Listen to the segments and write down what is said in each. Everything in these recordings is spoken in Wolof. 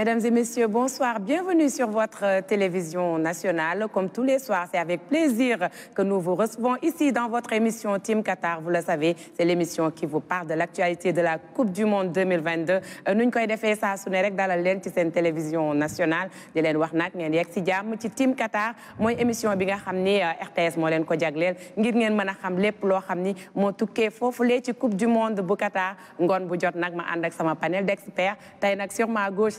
Mesdames et messieurs, bonsoir. Bienvenue sur votre euh, télévision nationale. Comme tous les soirs, c'est avec plaisir que nous vous recevons ici dans votre émission Team Qatar. Vous le savez, c'est l'émission qui vous parle de l'actualité de la Coupe du Monde 2022. Nous, avons fait ça saa la rek dalal télévision nationale di leen wax nag ngeen yegg si jàmm Team Qatar Mon émission bi nga xam euh, RTS moo leen ko jagleel ngir ngeen mën a xam lépp la ci Coupe du Monde bu Qatar ngoon bu jot nag ma ànd ak sama panel d'experts tey nag sur ma gauche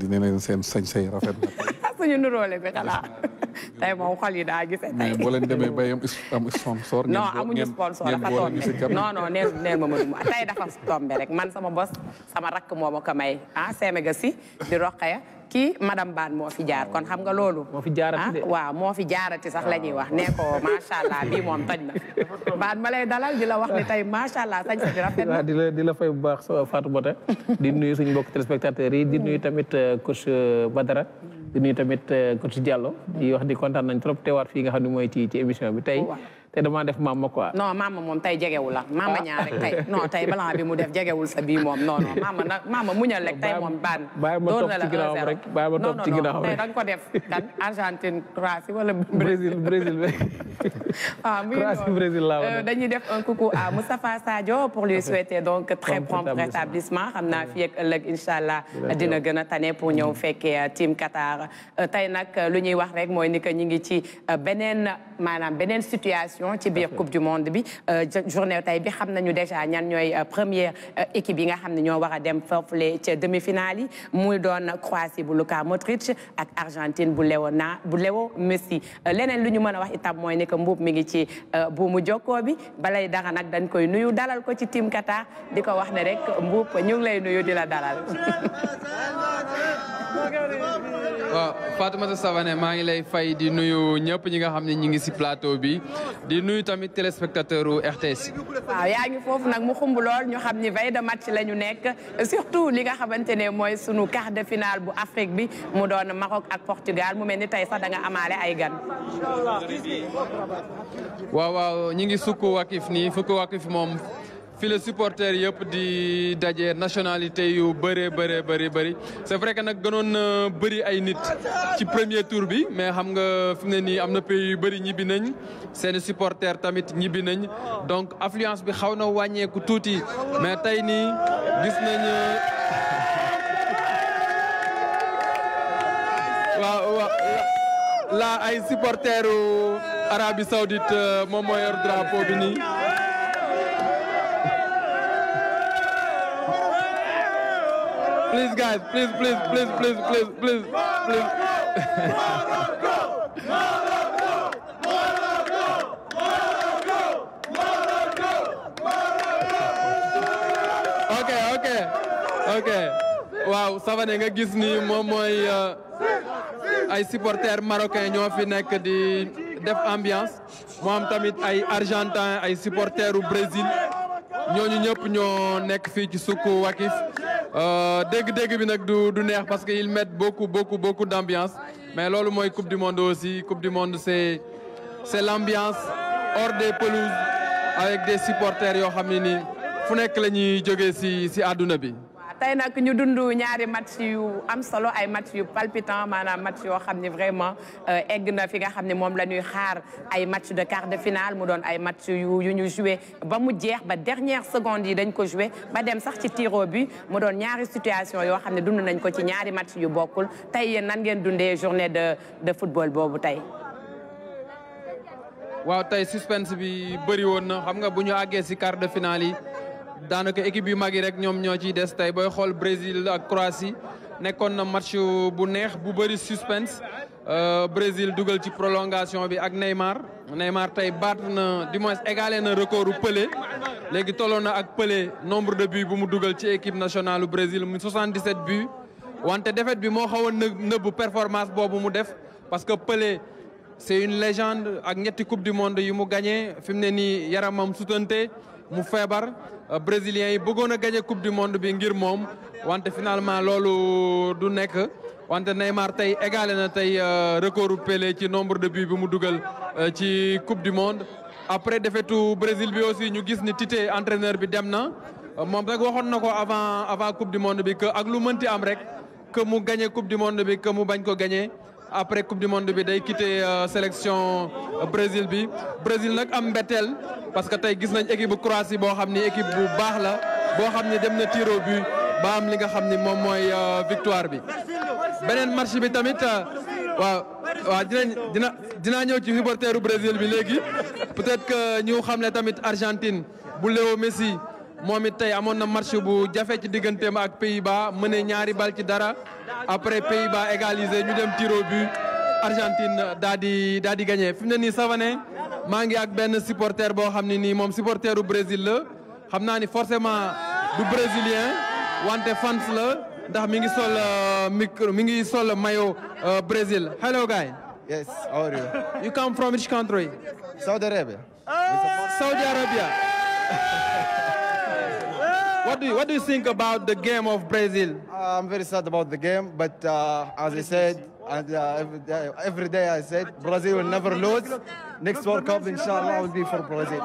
dina leen seen sañ say rafet na suñu nuroo leen ba xalaa tay moom xol yi daa gisee tay mais boo leen demee bay am am sponsor non amuñu sponsor dafa tombe non non neen neen ma mënu ma tay dafa tombe rek man sama boss sama rakk moo ma ko may ah Sénégal si di roqaya kii madame Bane moo fi jaar kon xam nga loolu. moo fi jaarati ah, de waaw moo fi jaarati sax la ñuy wax nee ko allah bii moom tañ na. Bane ma lay dalal di la wax ne tey macha allah sañ sa rafet na. di la di la fay bu baax Fatou Bota di nuyu suñu mbokk téléspectateurs yi di mm. nuyu tamit euh, coach euh, Badara. di nuyu tamit euh, coach Diallo mm. di wax di kontaan nañ trop teewaat fii nga xam ne mooy ci ci émission bi tey. te damaa def maama quoi. non maama moom tey jegewul la maama ah. ñaar rek tey non tey balaa bi mu def jegewul sa bii moom non non maama nag maama muñal rek tey moom baan. bàyyi ma topp ci ginnaawam rek bàyyi Brésil Brésil Brésil ah, laa woon euh, dañuy def un coucou à Moustapha Sadio pour lui souhaiter donc très prompt rétablissement xam naa fii ak ëllëg incha allah dina gën a tane pour ñëw mm. fekkee euh, team Qatar euh, tey nag lu ñuy wax rek mooy ni que ñu ngi ci beneen maanaam beneen situation. qualification ci biir coupe du monde bi euh, journée tay bi xam nañu déjà ñan ñoy euh, première euh, équipe yi nga xam ne ñoo war a dem foofule ci demi-finale yi muy doon Croatie bu Luka Modric ak Argentine bu leona bu Léo Messi leneen lu ñu mën a wax itam mooy ne que mbuub mi ngi ci buumu jokkoo bi balay dara nag dañ koy nuyu dalal ko ci team Qatar di ko wax ne rek mbuub ñu ngi lay nuyu di la dalal waaw Fatoumata savane maa ngi lay fay di nuyu ñëpp ñi nga xam ne ñi ngi ci plateau bi di nuyu tamit téléspectateur u RTS. waaw yaa ngi foofu nag mu xumb lool ñu xam ni veille de match la ñu nekk surtout li nga xamante ne mooy sunu quart de finale bu Afrique bi mu doon Maroc ak Portugal mu mel ni tey sax da nga amaale ay gan. waaw waaw ñi ngi sukk wakif nii sukk wakif moom. fii la supporter yëpp di daje nationalité yu bëree bëree bëri bëri c' est vrai que nag gënoon na bëri ay nit ci premier tour bi mais xam nga fi mu ne nii am na pays yu bëri ñibbi nañ seeni supporter tamit ñibbi nañ donc affluence bi xaw na wàññeeku tuuti mais tey nii gis nañ waaw la ay supporteru Arabie Saoudite euh, moom drapeau bi nii. Please, guys, please, please, please, please, please, please, please. Morocco! Morocco! Morocco! Morocco! Morocco! Morocco! Okay, okay, okay. waaw Savané nga gis ni moom mooy uh, ay supporters marocains ñoo fi nek di def ambiance mu am tamit ay argentin ay supporters u Brésil ñooñu ñëpp ñoo nekk fii ci Soukou Wakif Euh, dégg-dégg bi nag du du parce qu'ils mettent beaucoup beaucoup beaucoup d'ambiance mais loolu mooy coupe du monde aussi coupe du monde c'est c'est l'ambiance hors des pelouses avec des supporters yoo xam ne nii fu nekk la ñuy ci ci àdduna bi tay nak ñu dund ñaari match yu am solo ay match yu palpitant maanaam match yo xamni ne vraiment euh, egg na fi nga xamni mom moom la ñuy xaar ay match de quart de finale mu doon ay match yu yu ñu jouer ba mu jeex ba dernière seconde yi dañ ko jouer ba dem sax ci tiro bi mu doon ñaari situation yo xamni dund nañ ko ci ñaari match yu bokul tay nan ngeen dundé journée de de football bobu tay waaw tay suspense bi bëri won na xam nga bu ñu aggé ci quart de finale yi daanaka équipe yu mag yi rek ñom ñoo ciy des tay boy xol Brésil ak Croatie nekkon na match bu neex bu bari suspense euh Brésil duggal ci prolongation bi ak Neymar Neymar tay bat na du moins égaler na recordu Pelé légui tolloon na ak Pelé nombre de buts bu mu duggal ci équipe nationale du Brésil 77 buts wante défaite bi mo xaw a nëbb performance bobu mu def parce que Pelé c'est une légende ak ñetti coupe du monde yu mu gagné fi mu yaramam sutante mu feebar euh, brésilien yi bëggoon a gagné coupe du monde bi ngir moom wante finalement loolu du nekk wante Neymar tey égale na tey euh, recordu Pelé ci nombre de buts bi mu dugal euh, ci coupe du monde. après defetu Brésil bi aussi ñu gis ni Tite entreneur bi dem na moom nag waxoon na ko avant avant coupe du monde bi que ak lu mënti am rek que mu gagné coupe du monde bi que mu bañ ko gañee après coupe du monde bi day quitté euh, sélection euh, Brésil bi Brésil nak am mbetteel parce que tay gis nañ équipe bu Croatie bo xamni équipe bu bax la bo xamni dem na tir au but ba am li nga xamni mom moy mooy euh, victoire bi. benen match bi tamit wa wa dina dina dinaa ñëw ci supporteru Brésil bi légui peut-être que ñu xamlé tamit Argentine bu Léo Messi. moom it tey amoon na match bu jafe ci digganteem ak Pays-Bas mëne ñaari bal ci dara après pays ba égalisé ñu dem tir bi but Argentine daa di daa di gagné fi mu ne nii Savané maa ngi ak benn supporter boo xam ne nii moom supporteru Brésil la xam naa ni forcément du brésilien wante fans la ndax mi ngi sol euh, micro mi ngi sol maillot euh, Brésil hello guy. yes how are you. come from which country. Saudi Arabia. What do you, what do you think about the game of Brazil? Uh, I'm very sad about the game, but uh, as I said, and uh, every, day, every day I said Brazil will never lose. Next World Cup, inshallah, will be for Brazil.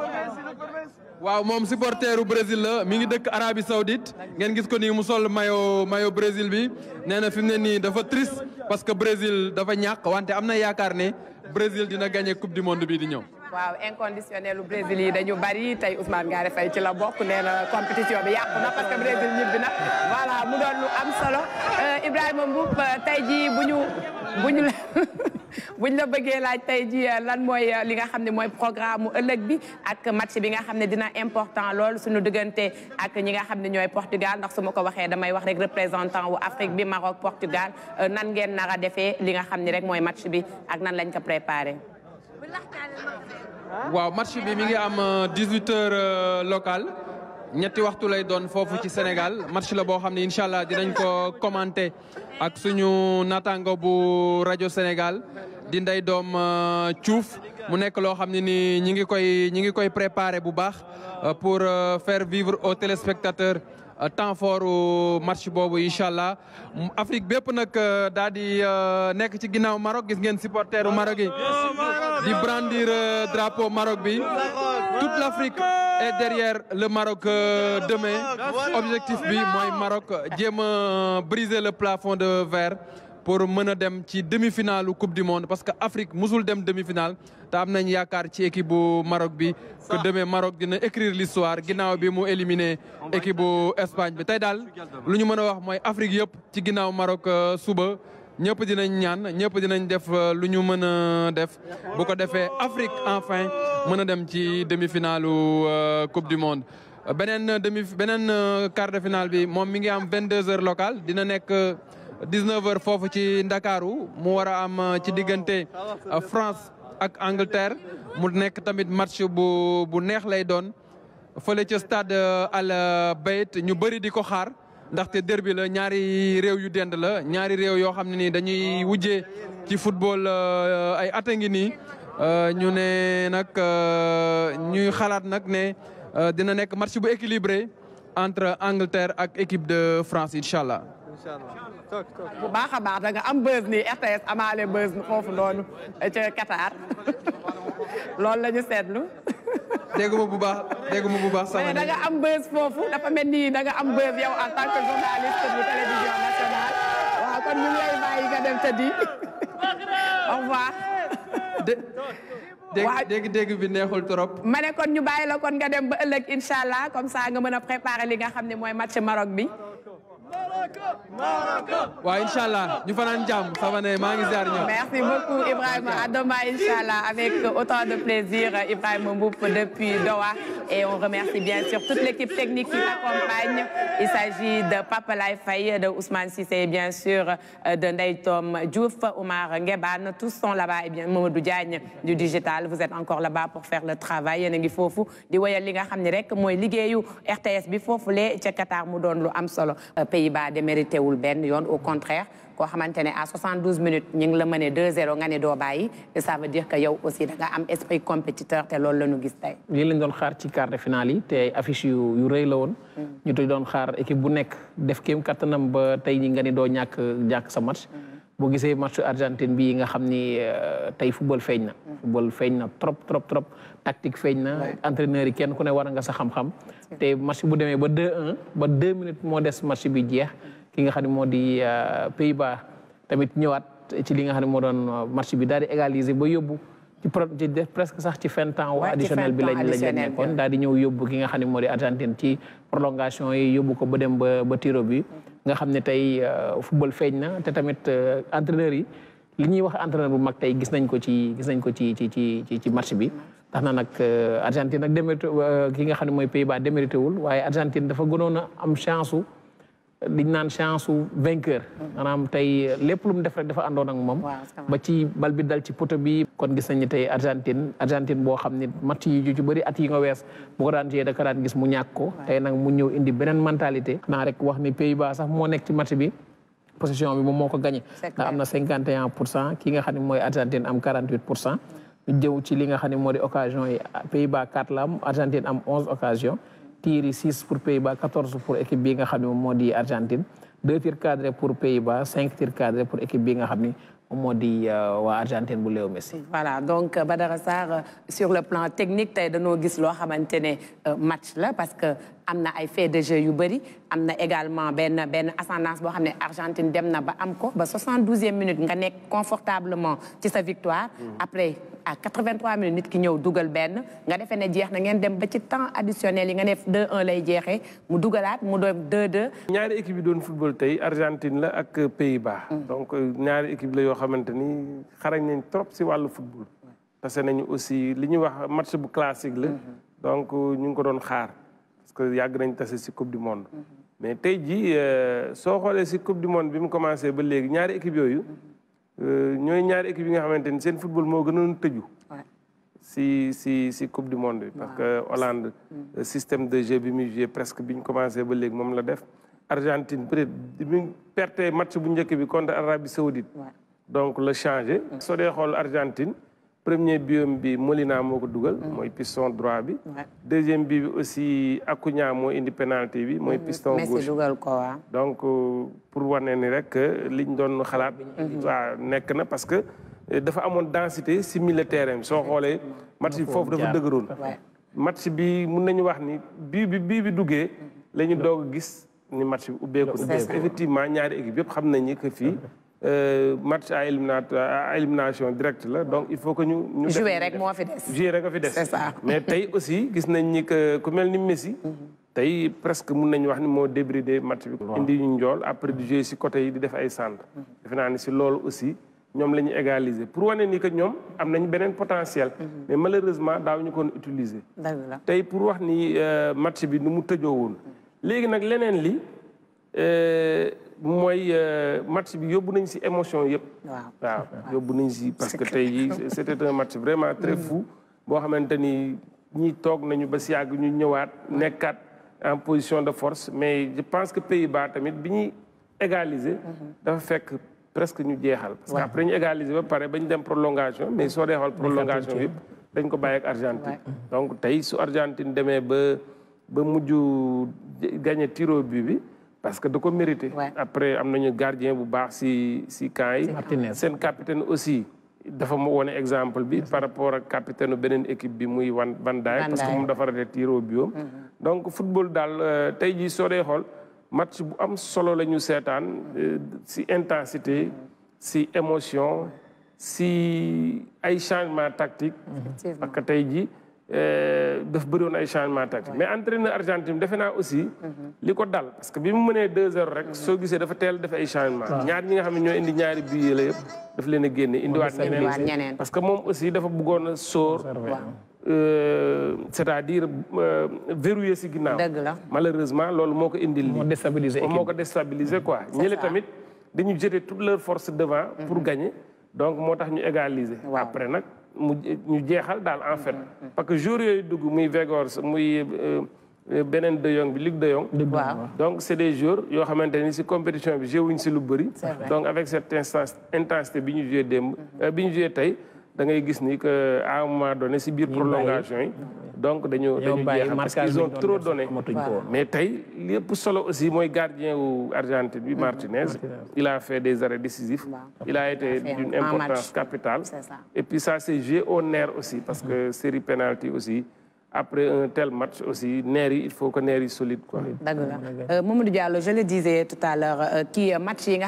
Wow, mom, supporter of Brazil, mingi dek Arabi Arabie Saoudite ngeen gis ko nii mu mayo mayo Brazil bi nena na fi mu ne nii dafa triste parce que Brésil dafa ñàkk wante am na yaakaar ne Brésil dina gagné coupe du monde bi di ñëw. waaw inconditionnel lu Brésil yi dañu bari tey Ousmane Ngare Faye ci la bokk nee na compétition bi yàqu na parce Brésil ñibbi na mu doon lu am solo euh, Ibrahima Mboup euh, tey jii bu ñu la bëggee laaj tey ji euh, lan mooy li nga xam ne mooy programme mu ëllëg bi ak match bi nga xam ne dina important lool suñu diggante ak ñi nga xam ne ñooy Portugal ndax su ma ko waxee damay wax rek représentant wu Afrique bi Maroc Portugal nan ngeen nar a defee li nga xam ni rek mooy match bi ak nan lañ ko préparé. waaw match bi mi ngi am 18 euh, heures euh, locale ñetti waxtu lay doon foofu ci Sénégal match la boo xam ne incha allah dinañ ko commenter ak suñu naataango bu rajo Sénégal di doom Dom Diouf euh, mu nekk loo xam ne ni ñi ngi koy ñi ngi koy préparer bu baax pour faire vivre aux téléspectateur Euh, temps fort match bobu inshallah Inch'Allah. Afrique bép nak euh, daal di euh, ci ginnaw Maroc gis ngeen supporteru Maroc yi di brandir drapeau Maroc toute l'Afrique est derrière le Maroc demain objectif bi moy Maroc je briser le plafond de verre pour mën dem ci demi-finale coupe du monde parce que Afrique musul dem demi-finale Ta am nañ yaakaar ci équipe bu Maroc bi. que demee Maroc dina écrire l'histoire ginaaw bi mu éliminer équipe bu Espagne bi. tay dal luñu ñu wax moy Afrique yëpp ci ginaaw Maroc euh, suba ñëpp dinañ ñaan ñëpp dinañ def euh, luñu ñu def bu ko defee Afrique enfin mën dem ci demi-finale euh, coupe du monde. benen demi benen quart de finale bi mom mi ngi am 22 heures local dina nekk. 19 heures foofu ci Ndakaaru mu war a am euh, ci diggante euh, France ak Angleterre mu nekk tamit match bu bu neex lay doon fële ca stade euh, Al Bayt ñu bëri di ko xaar ndaxte derby la ñaari réew yu dend la ñaari réew yoo xam ne nii dañuy wujjee ci football ay at a ngi nii ñu ne nag ñuy xalaat nag ne dina nekk match bu équilibré entre Angleterre ak équipe de France incha allah. bu baax a baax da nga am buzz nii RTS amaale buzz foofu noonu eh, ca Qatar loolu la ñu seetlu. dégguma bu baax dégguma bu baax. sama da nga am buzz foofu dafa mel ni da nga am buzz yow en tant que journaliste bu télévision nationale waaw kon ñu ngi lay bàyyi nga dem te di au revoir. waaw dégg dégg bi neexul trop. ma ne kon ñu bàyyi la kon nga dem ba ëllëg incha allah comme ça nga mën a préparer li nga xam ne mooy match Maroc bi. merci beaucoup Ibrahim, à demain avec autant de plaisir Ibrahim Mbouf depuis Doha et on remercie bien sûr toute l'équipe technique qui l'accompagne il s'agit de Papa Life de Ousmane Sissé, bien sûr de ndeytom Tom Omar Ngeban. tous sont là-bas et bien Diagne du digital vous êtes encore là-bas pour faire le travail RTS pays démérité wul benn yoon au contraire koo xamante ne à 72 minutes ñu ngi la mëne 2-0 nga ne doo bàyyi te ça veut dire que yow aussi da nga am esprit compétiteur te loolu la ñu gis tey. lii lañ doon xaar ci quart de finale yi te yu yu rëy la woon. Mm. ñu doon xaar équipe bu nekk def kéem kattanam ba tey ñi nga ne doo ñàkk ñàkk sa match. Mm. bo gisee match argentine bii nga xam ni eh, tey football feeñ na hmm. football feeñ na trop trop trop tactique feeñ na entraîneur yi kenn ku ne war nga sa xam-xam te match bu demee ba 2-1 ba 2 minutes moo des match bi jeex ki nga xam ni pays bas tamit ñëwaat ci li nga xam ni doon match bi daal égaliser ba yóbbu ci pro ci presque sax ci fin temps waa additionnel bi lañ lañ nekkoon daal di ñëw yóbbu ki nga xam ne moo di Argentine ci prolongation yi yóbbu ko ba dem ba ba tiro bi nga xam ne tey euh, football feeñ na te tamit euh, entraîneur yi li ñuy wax entraîneur bu mag tey gis nañ ko ci gis nañ ko ci ci ci ci match bi tax na nag euh, Argentine nag démérité ki nga xam ne mooy Pays-Bas démérité wul waaye Argentine dafa gënoon a am chance diñ naan chance su vainqueur. maanaam tey lépp lu mu def rek dafa àndoon ak moom. ba ci bal bi dal ci poto bi. kon gis nañu tey Argentine Argentine boo xam ne mati yu ci bëri at yi nga wees bu ko daan jiyee gis mu ñàkk ko. tey nag mu ñëw indi beneen mentalité. naa rek wax ni Pays-Bas sax moo nekk ci match bi. possession bi moom moo ko gagné. ndax am na 51 pour cent ki nga xam ne mooy Argentine am 48 pour cent. ñu jëw ci li nga xam ne moo di occasion yi Pays-Bas 4 la am Argentine am 11 occasion. tirer 6 pour Pays-Bas, 14 pour l'équipe Binga au Modi Argentine. 2 tirs cadrés pour Pays-Bas, 5 tirs cadrés pour l'équipe Binga au Modi euh, Argentine Bouléo Messi. Voilà, donc euh, Badar euh, sur le plan technique, tu as de nous dit ce match là, parce que am na ay faits de jeu yu bëri am na également benn benn ascendance boo xam ne Argentine dem na ba am ko ba 72e minute nga nekk confortablement ci sa victoire. Mm. après à 83 minutes nit ki ñëw dugal benn nga defee ne jeex na ngeen dem ba ci temps additionnel yi nga ne 2-1 lay jeexee mu dugalaat mu doon 2 ñaari équipe yi doon football tey Argentine la ak pays ba mm. donc euh, ñaari équipe la yoo xamante ni xarañ nañ trop si wàllu football. tase nañu aussi li ñuy wax match bu classique la. Mm-hmm. donc euh, ñu ngi ko doon xaar. parce que yàgg nañ tase si coupe du monde. mais tey jii euh, soo xoolee coupe du monde bi mu commencé ba léegi ñaari équipe yooyu euh, ñooy ñaari équipe yi nga xamante ni seen football moo gënoon tëju. si si si coupe du monde parce que Hollande mm. euh, système de jeu bim muy presque bim commencé ba léegi moom la def. Argentine peut-être bi perte match bu njëkk bi contre Arabie Saoudite donc le changer. Mm. soo dee xool Argentine. premier biom bi Molina moo ko dugal. Mm. mooy piston droit bi. deuxième bi aussi Acuna moo indi penalty bi. mooy mm-hmm. piston gauche Messi dugal donc euh, pour wane ni rek liñ doon xalaat. Mm-hmm. Mm-hmm. waaw nekk na parce que euh, dafa amoon densité si milieu terrain soo xoolee. match bi foofu dafa dëgëroon. match bi mun nañu wax ni bii bi bii bi duggee. lañu ñu gis ni match bi ubbeeku. effectivement ñaari équipe yëpp xam nañu que fii. Euh, match à élimination directe là donc il faut que ñu. ñu jouer rek moo fi des. jouer rek fi c'est ça. mais tey aussi gis nañ ni que ku mel ni Messi. tey presque mun nañu wax ni moo débridé match bi. indi ñu njool après du jouer si côté yi di def ay centre. defe naa ne si aussi ñoom la égaliser pour wane ni que ñoom am nañ potentiel. Mhm. mais malheureusement daaw ñu koon utiliser. tey pour wax ni euh, match bi nu mu tëjoo woon. léegi nag li. Euh, moi, euh, match bi yobou nañ ci émotion yépp waaw waaw nañ parce que tay c'était un match vraiment très mm. fou. bo xamanteni ni tok nañu ba si ñu ñëwaat nekkaat en position de force mais je pense que Pays-Bas tamit biñi ñuy égaliser. Mm-hmm. dafa fekk presque ñu jeexal. parce que après ñu égaliser ba paré ba dem prolongation mais so déxal prolongation yëpp dañ ko baye ak Argentine. donc tay su Argentine demee ba ba muju gagner tiro bi bi parce que da qu'on mérité. après il y gardien bu gardien si si kai, c'est un capitaine aussi. dafa ma un exemple bi par rapport au capitaine de équipe bi muy Van Dijk parce que a fait des tirs au bio. Mm-hmm. donc le football dal un euh, match bu am solo le C'est seetaan euh, si intensité mm-hmm. si émotion si changement tactique Euh, daf bëri ay changement tactique mais entraîneur Argentine defe naa aussi. Mhm. li ko dal parce que bi mu mënee 2-0 rek. soo gisee dafa teel def ay changement ñaar ñi nga xam ne ñoo indi ñaari but yi la yëpp daf leen a génne indiwaat ñeneen parce que moom aussi dafa bëggoon a sóor. Euh, c'est-à-dire euh, verrouiller si ginnaaw. dëgg la malheureusement loolu moo ko indil. moo déstabiliser moo ko déstabiliser quoi. ñële tamit dañu jëte toute leur force devant. pour mhm. gagner donc moo tax ñu égaliser. après nag. mu ñu jéxal daal en fait. Mm-hmm, mm-hmm. parce que jour yooyu dugg muy Végors muy euh, euh, beneen de Jong bi lig de Jong. donc c' est des jours yoo xamante ni si compétition bi joué wuñ si lu bëri. donc avec cette intensité bi ñu joué démb. Euh, bi ñu joué tey dangay gis ni que à un moment donné si biir prolongation donc dañu dañu jeexal parce qu'ils ont trop donné mais tay lepp solo aussi moy gardien ou Argentine bi Martinez il a fait des arrêts décisifs il a été d'une importance capitale et puis ça c'est joué au aussi parce que mm-hmm. série penalty aussi après un tel match aussi, Neri, il faut que Neri solide. Quoi. D'accord. Euh, Mamadou Diallo, je le disais tout à l'heure, euh, qui euh, match, il y a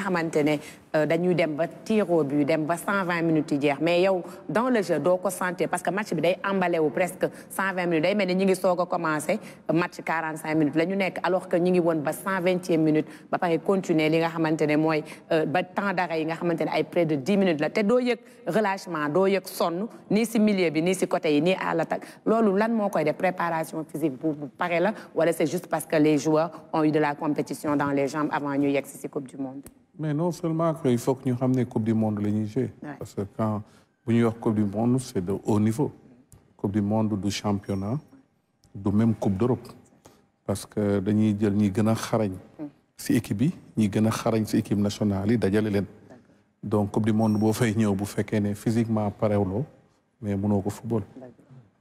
euh, dañuy dem ba tir au but dem ba 120 minutes hier. mais yow dans le jeu doo ko sentir parce que match bi day emballé wu presque 120 minutes day melni ñi ngi soga a commencé match 45 minutes alors que ñi ngi won ba 120e minute ba pare continuer li nga xamantene ne euh, ba temps d'arrêt yi nga xamantene ay près de 10 minutes la té do yek relâchement do yek sonn ni ci milieu bi ni il côté yi ni à l'attaque lolu lan mo koy def préparation physique pour paré la wala c'est juste parce que les joueurs ont eu de la compétition dans les jambes avant ñu yex ci Coupe du Monde mais non seulement il faut que nous ramenions coupe du monde la Niger. parce que quand vous avons la coupe du monde c'est de haut niveau coupe du monde du championnat ou même coupe d'Europe. parce que nous avons dit que nous xarañ si équipe nous avons gën xarañ équipe nationale yi la donc coupe du monde nous fay une bu physiquement pareille, mais mënoo ko football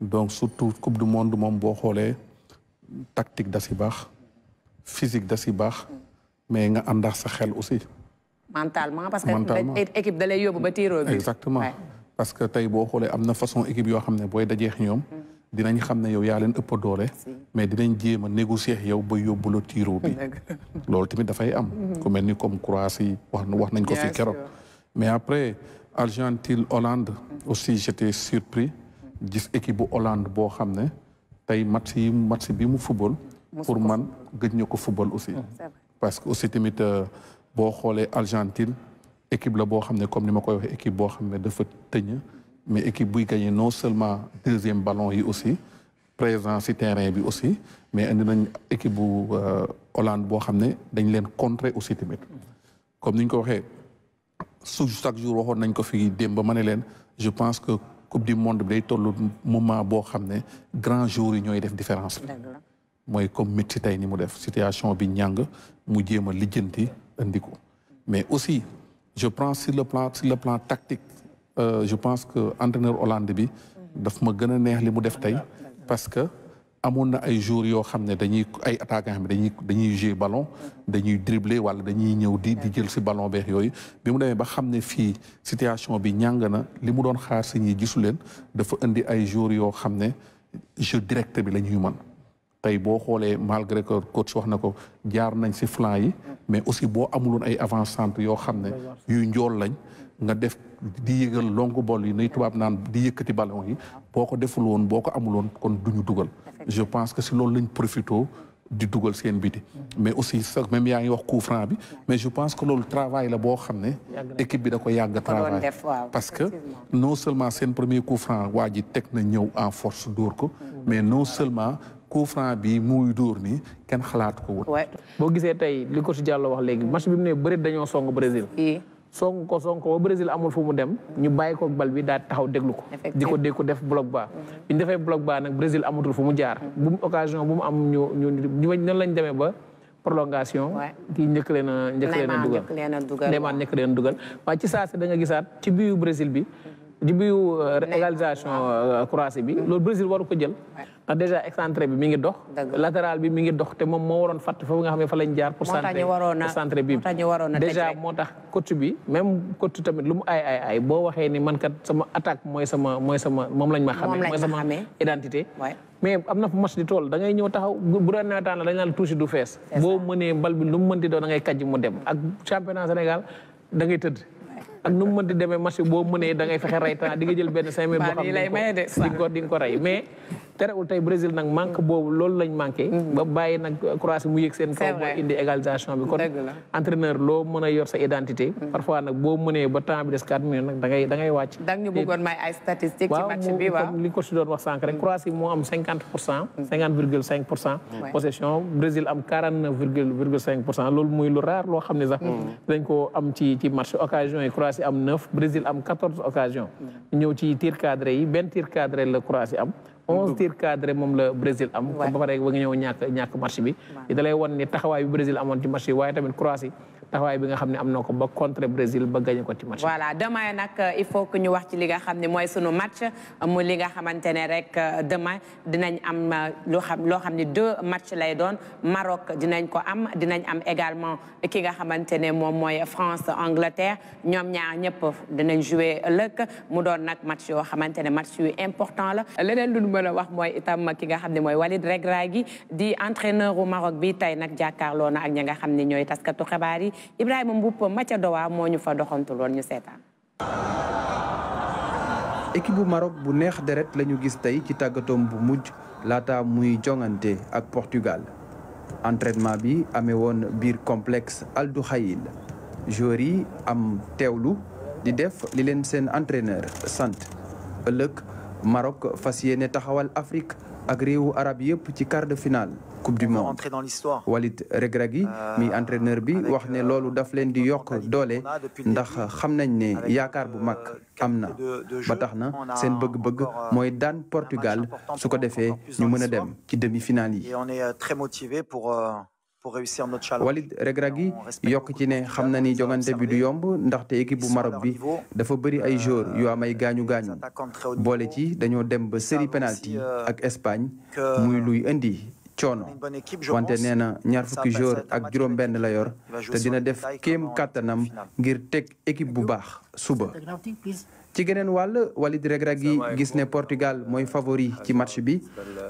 donc surtout coupe du monde moom boo xoolee tactique la si physique de mm. mais nga avons sa xel aussi mentalement parce que équipe de lay yóbbu ba tiiroo bi exactement parce que tay bo xolé amna façon équipe yo xamné boy dajé dajeex ñoom mm. dinañ xamné yow ya leen ëpp doole mais dinañ djéma négocier yow ba yóbbu la tiiroo bi loolu da fay am mm-hmm. ku melni comme Croatie wax wax nañ ko fi kéro. mais après Argentine Hollande aussi j'étais surpris gis équipe bu Hollande bo xamné tay match yi match bi mu football pour man gëj ñu ko football aussi mm. parce que aussi tamit euh, boo xoolee Argentine équipe la boo xam ne comme ni koy équipe boo mais ne dafa tëñ mais équipe buy gagné non seulement deuxième ballon yi aussi présent ci terrain bi aussi mais indi équipe bu euh, Hollande boo xam ne dañ leen contrer aussi tamit comme nous ñu ko waxee chaque jour waxoon nañ ko fi démb ma ne je pense que coupe du monde bi day tollu moment boo xam ne grand jour yi ñooy def différence bi comme métti tey ni mu def situation bi ñàng mu jéem a lijjanti Ndiko. mais aussi je prends sur le plan sur le plan tactique euh, je pense que entraîneur Hollande bi daf ma gën a neex li mu def tay parce que amoon na ay jours yo xam dañuy ay attaquant xam dañuy dañuy jouer ballon dañuy dribbler wala dañuy ñëw di di jël ci ballon beex yoy bi mu demee ba xam fi situation bi ñàng na li mu doon xaar si ñi gisu dafa indi ay jours yo xam ne jeu direct bi la ñuy mën tey bo xolé malgré que coach wax nako ko jaar nañ ci flan yi mais aussi bo amulone ay avant-centre yoo xam ne yuy lañ nga def di yegal longue ball yi nuy tubab nan di yekati ballon yi boko deful won boko amulone kon duñu dugal je pense que si lolou lañ profito di dugal sen biti mais aussi ça, même yaa ngi wax coup franc bi mais je pense que lolou travail la bo xamné équipe bi da ko yag travail parce que non seulement sen premier coup franc waa tek na ñew en force dóor ko mais non seulement couvrant bi muy door ni ken xalat ko wut bo gisee tay li ko ci diallo wax legui match bi mu ne beureut dañu song brésil song ko song ko brésil amul fu mu dem ñu bayiko bal bi da taxaw deglu ko diko deku def bloc ba mm-hmm. biñ defé bloc ba nak brésil amatul fu mu jaar mm-hmm. bu occasion bu mu am ñu ñu ñu nan lañ démé ba prolongation ki ñëkëlé na ñëkëlé na duggal ñëkëlé na duggal ñëkëlé na duggal ci saasi da nga gisaat ci biu brésil bi di biyu euh, égalisation euh, Croatie bi loolu Brésil waru ko jël ndax déjà excentré bi mi ngi dox latéral bi mi ngi dox te moom moo waroon fàtt foofu nga xam ne fa lañ jaar pour centré bi déjà moo tax coach bi même coach tamit lu mu ay ay ay boo waxee ni man kat sama attaque mooy sama mooy sama moom lañ ma xamee mooy sama identité mais am na fu match di tool da ñëw taxaw bu doon nawetaan la dañ naan touche du fees boo mënee bal bi lu mu mënti doon da ngay kajj mu dem ak championnat Sénégal da ngay tëdd ak nu mu mënti demee marché boo mënee da ngay fexe rey temps di nga jël benn cinq mille boo xam ne di nga ko di nga ko rey mais tere terewul tey Brésil nag manque boobu loolu lañ manqué. Mm-hmm. ba bàyyi nag Croatie mu yëg seen kaw. ba indi égalisation bi kon entraîneur loo mën a yor sa identité. Mm-hmm. parfois nag boo mënee ba temps bi des quatre minutes nag da ngay da ngay wàcc. da ci match bi waaw comme ko si wax sànq rek mm-hmm. Croatie moo am cinquante pour cent. cinquante virgule cinq pour cent. possession Brésil am quarante cinq pour cent loolu muy lu rare loo xam ne sax. dañ ko am ci ci match occasion yi Croatie am neuf Brésil am quatorze occasion ñëw ci tir cadré yi benn tir cadré la Croatie am. onze tirs cadrés moom la Brésil am. ba pare ba nga ñëw ñàkk ñàkk match bi. da lay wan ni taxawaay bi Brésil amoon ci match yi taxawaay bi nga xam ne ko ba contre Brésil ba gagné ko ci match voilà demain nak il faut que ñu wax ci li nga xam moy mooy sunu match mu li nga xamantene rek demain dinañ am lo xam lo xam deux match lay doon Maroc dinañ ko am dinañ am également ki nga xamantene mom moy France Angleterre ñom ñaar ñep dinañ jouer ëllëg mu doon nak match yo xamantene match yu important la leneen lu ñu mëna wax moy itam ki nga xam moy Walid Regragui di entraîneur au Maroc bi tay nak jakarlo na ak ña nga xam ñoy taskatu xibaar yi Ibrahima Mboup Mathia Dowa moo ñu fa doxantuloon ñu seetaan. équipe bu bu neex deret lañu gis tey ci tàggatoom bu mujj laata muy jongante ak Portugal entraînement bi amee woon biir complexe Al Duhail yi am teewlu di def li leen seen entraîneur sant ëllëg Maroc fas yéene taxawal Afrique ak réewu arab yëpp ci quart de finale. coupe du monde Walid Regragui euh, mi entraîneur bi wax né euh, lolu daf leen di yok doole ndax xam nañ ne euh, yaakaar bu mak amna ba taxna sen bëgg-bëgg moy dan Portugal su ko defee ñu mëna dem ci demi-finale yi. Walid Regragui yok ci ne xam na ni jongante bi du yomb ndaxte équipe bu Maroc bi dafa bëri ay joueurs yu am ay gaañu gaañu boole ci dañu dem ba série penalty ak Espagne muy luy indi coono wante nee ñaar fukki jour ak juróom-benn la yor te dina def kéem kàttanam ngir teg équipe bu baax suba. ci geneen wàll Walid Regragui gis ne Portugal mooy favori ci match bi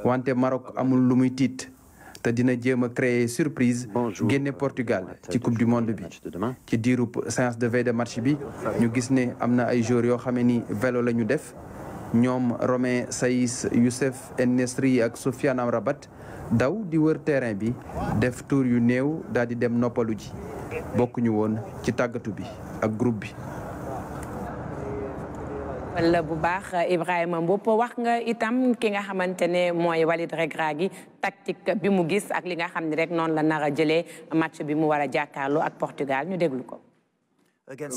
wante Maroc amul lu muy tiit te dina jéem a créer surprise génne Portugal ci coupe du monde bi. ci diiru séance de veille de match bi ñu gis ne am na ay joueurs yoo xam ni vélo la ñu def ñoom Romain Saïs Youssef En Nesri ak Sofiane Amrabat daw di wër terrain bi def tour yu néew daal di dem noppalu ji bokku ñu woon ci tàggatu bi ak groupe bi. wala bu baax Ibrahima Mbop wax nga itam ki nga xamante ne mooy Walid Regragui tactique bi mu gis ak li nga xam ne rek noonu la nar a jëlee match bi mu war a jàkkaarloo ak Portugal ñu déglu ko.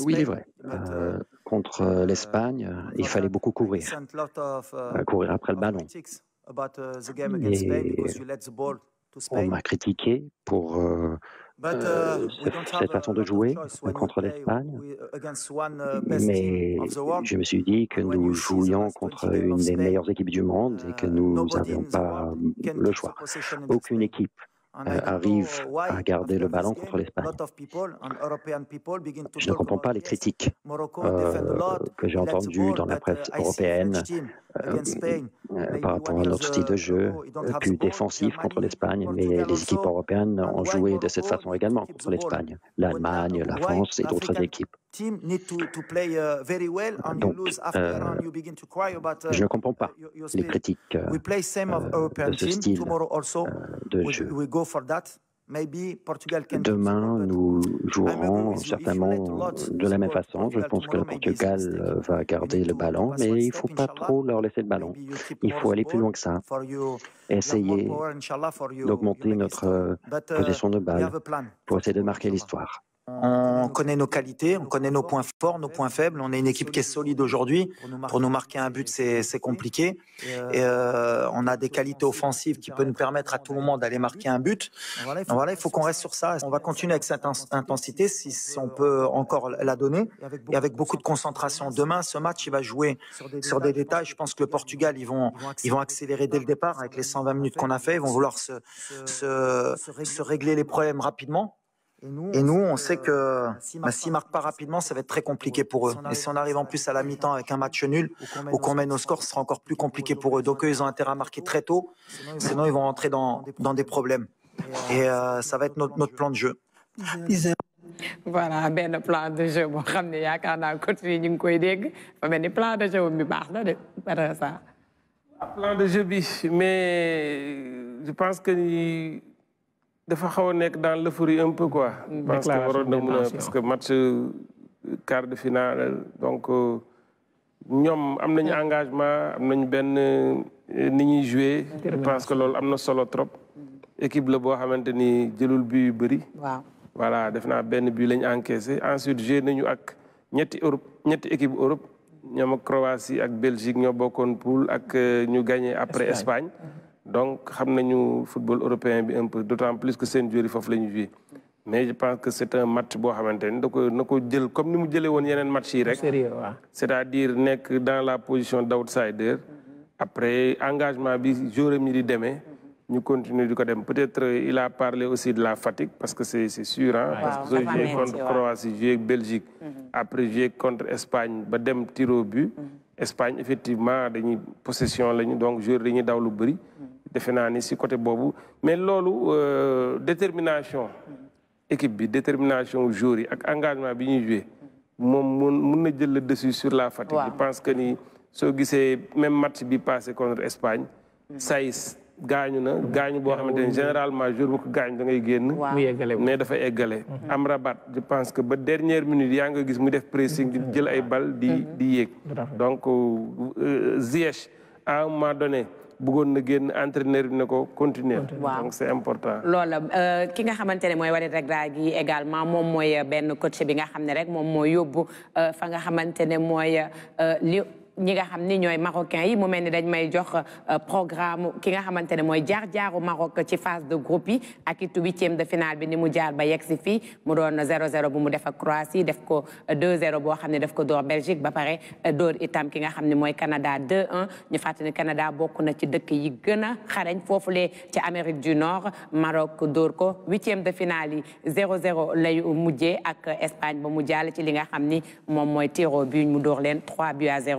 Oui, il est vrai. Euh, contre euh, l'Espagne, euh, il fallait beaucoup courir. Euh, euh, courir après le ballon on m'a critiqué pour euh, euh, uh, cette façon de jouer contre l'Espagne, uh, mais je me suis dit que nous jouions contre une des meilleures équipes du monde et que uh, nous n'avions pas le choix. Aucune équipe euh, arrive à garder le ballon contre l'Espagne. Je ne comprends pas les critiques que j'ai entendues dans la presse européenne par rapport à notre style de jeu plus défensif contre l'Espagne, mais les équipes européennes ont joué de cette façon également contre l'Espagne, l'Allemagne, la France et d'autres équipes. Donc, je ne comprends pas les critiques de ce style euh, de jeu. Demain, nous jouerons certainement de la même façon. Je pense que le Portugal euh, va garder le ballon, mais il ne faut pas trop leur laisser le ballon. Il faut aller plus loin que ça. Essayer d'augmenter notre euh, uh, position de balle pour essayer de marquer l'histoire. On connaît nos qualités, on connaît nos points forts, nos points faibles. On est une équipe qui est solide aujourd'hui. Pour nous marquer un but, c'est compliqué. Et euh, euh, on a des qualités offensives qui peuvent nous permettre à tout moment d'aller marquer un but. voilà, il faut qu'on reste sur ça. On va continuer avec cette intensité si, on peut euh, encore la donner et avec beaucoup de concentration. Demain, ce match, il va jouer sur des détails. Je pense que le Portugal, ils vont, ils vont accélérer dès le départ avec les 120 minutes qu'on a fait. Ils vont vouloir se régler les problèmes rapidement. Et nous, on sait que s'ils ne marquent pas rapidement, ça va être très compliqué pour eux. Et si on arrive en plus à la mi-temps avec un match nul ou qu'on mène au score, ce sera encore plus compliqué pour eux. Donc eux, ils ont intérêt à marquer très tôt, sinon ils vont rentrer dans, des problèmes. Et euh, euh, ça va être notre, plan de jeu. voilà le plan de jeu Je la coach plan de jeu bi baax ça. Ah, plan de jeu mais je pense que dafa xaw dans un peu quoi. parce que parce euh, quart de finale donc euh, am engagement amnañ euh, que am solo trop. Mm. équipe le Bois xamanteni jëlul voilà ensuite joué nañu ak ñetti Europe ñetti équipe Europe ñom Croatie ak Belgique ñoo Poul, gagné après Espagne. Mm-hmm donc savons le football européen bi un peu d'autant plus que c'est un jury la ñu vie. mais je pense que c'est un match qui est très da ko comme nous avons jëlee woon match yi cest à dire sommes dans la position d'outsider. après engagement bi jour mi di demain. Nous continuons de peut-être euh, il a parlé aussi de la fatigue parce que c'est sûr hein parce que joué contre Croatie joué Belgique mm-hmm. après joué contre Espagne ba dem tir au but mm-hmm. Espagne effectivement a une possession donc je dañuy dans lu bruit. Mm-hmm défendre naa ni côté boobu mais lolo euh, détermination équipe bi détermination joueurs yi ak engagement bi ñuy joué mon mun na jël le dessus sur la fatigue je pense que ni qui c'est même match bi passé contre Espagne hmm. ça gaañu gagne gaañu boo xamante ne généralement jour bu ko gaañ da ngay guen mais dafa eggale hmm. am rabat je pense que ba dernière minute ya nga gis mu def pressing di hmm. jël ay bal di di yek donc euh, euh, Ziyech a un moment donné bëggoon na génn entraîneur bi ne ko continuer donc c'est important loola euh, ki nga xamante ne mooy Walid Regra gi également moom mooy euh, benn coach bi nga xam ne rek moom mooy yóbbu euh, fa nga xamante ne mooy li ñi nga xam ni ñooy marocain yi mu mel ni dañ may jox euh, programme ki nga xamante ne mooy jaar-jaaru Maroc ci phase de groupe yi ak itu huitième de finale bi ni mu jaar ba yegg si fii mu doon 0-0 bu mu def ak Croatie def ko 2-0 euh, boo xam ne daf ko door Belgique ba pare euh, door itam ki nga xam ne mooy Canada 2-1 ñu fàttali ne Canada bokk na ci dëkk yi gën a xarañ foofulee ci Amérique du Nord Maroc door ko huitième de finale yi 0-0 lay mujjee ak Espagne ba mu jàll ci li nga xam ni moom mooy tiro bi mu door leen 3 buts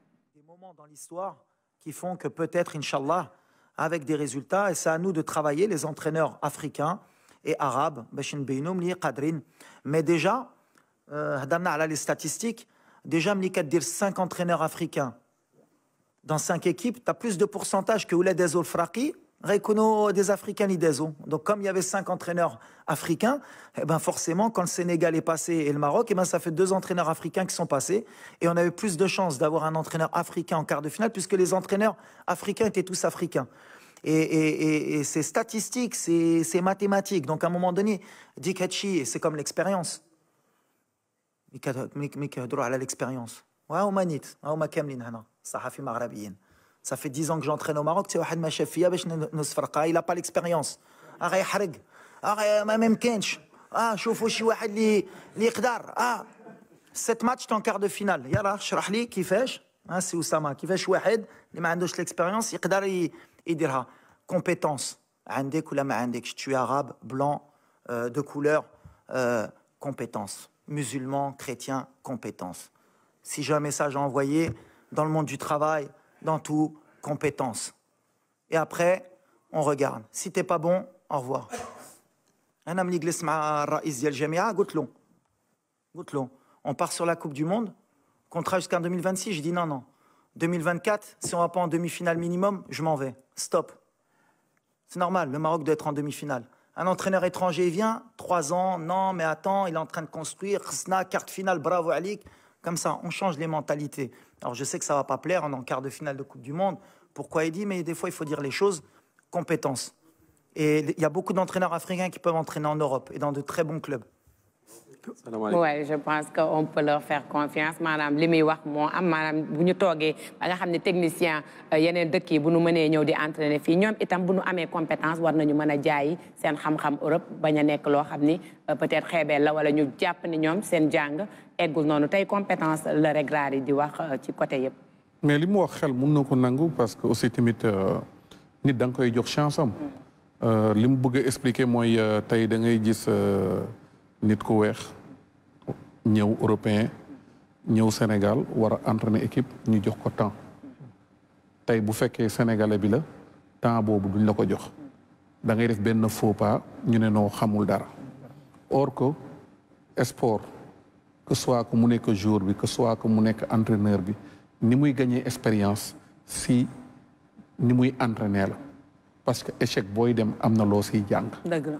dans l'histoire qui font que peut-être, Inch'Allah, avec des résultats, et c'est à nous de travailler, les entraîneurs africains et arabes, mais déjà, euh, les statistiques, déjà, cinq entraîneurs africains dans cinq équipes, tu as plus de pourcentage que Ouled Ezolfraki, Recono des Donc, comme il y avait cinq entraîneurs africains, eh ben forcément, quand le Sénégal est passé et le Maroc, eh ben ça fait deux entraîneurs africains qui sont passés. Et on avait plus de chances d'avoir un entraîneur africain en quart de finale, puisque les entraîneurs africains étaient tous africains. Et, c'est statistique, c'est mathématique. Donc, à un moment donné, Dikachi, c'est comme l'expérience. l'expérience. Ouais, manit, ça fait 10 ans que j'entraîne au Maroc. c'est Il a pas l'expérience. Ah, Ah, 7 matchs, en quart de finale. Yara, Shrahli, qui fait hein, C'est Oussama. Qui fait Wahed, il n'a pas l'expérience. Il dira compétence. Andek ou la Andek. Tu es arabe, blanc, euh, de couleur, euh, compétence. Musulman, chrétien, compétence. Si j'ai un message à envoyer dans le monde du travail, dans tout, compétence. Et après, on regarde. Si t'es pas bon, au revoir. Un ami on part sur la coupe du monde contrat jusqu'en 2026 je dis non non 2024 si on va pas en demi-finale minimum je m'en vais stop c'est normal le Maroc doit être en demi-finale un entraîneur étranger vient trois ans non mais attends il est en train de construire carte finale bravo Alik comme ça on change les mentalités alors je sais que ça va pas plaire, en quart de finale de Coupe du Monde. Pourquoi il dit Mais des fois, il faut dire les choses compétence. Et il y a beaucoup d'entraîneurs africains qui peuvent entraîner en Europe et dans de très bons clubs. Ouais, je pense que on peut leur faire confiance maanaam li muy wax moo am maanaam bu ñu toogee ba nga xam ne technicien euh, yeneen dëkk yi bu nu mënee ñëw di entraîner fii ñoom itam bu nu amee compétence war nañu mën a jaayi seen xam-xam Europe bañ a nekk loo ni euh, peut-être xeebeel la wala ñu jàpp ni ñoom seen jàng eggul noonu tey compétence la rek raar yi di wax euh, ci côté yëpp. mais li mu wax xel mun na nangu parce que aussi tamit nit da nga koy jox chance am. Mm. li mu bëgg a expliquer mooy tey da ngay gis nit ko wex ñew européen ñew Sénégal wara a entraîner équipe ñu jox ko temps tay bu féké sénégalais bi la temps bobu duñ la ko jox da ngay def ben faux pas ñu né no xamul dara or que sport que soit que mu nekk joueur bi que soit que mu nekk entraîneur bi ni muy gagner expérience si ni muy entraîner la parce que échec boy dem amna lo ci jang jàng. la.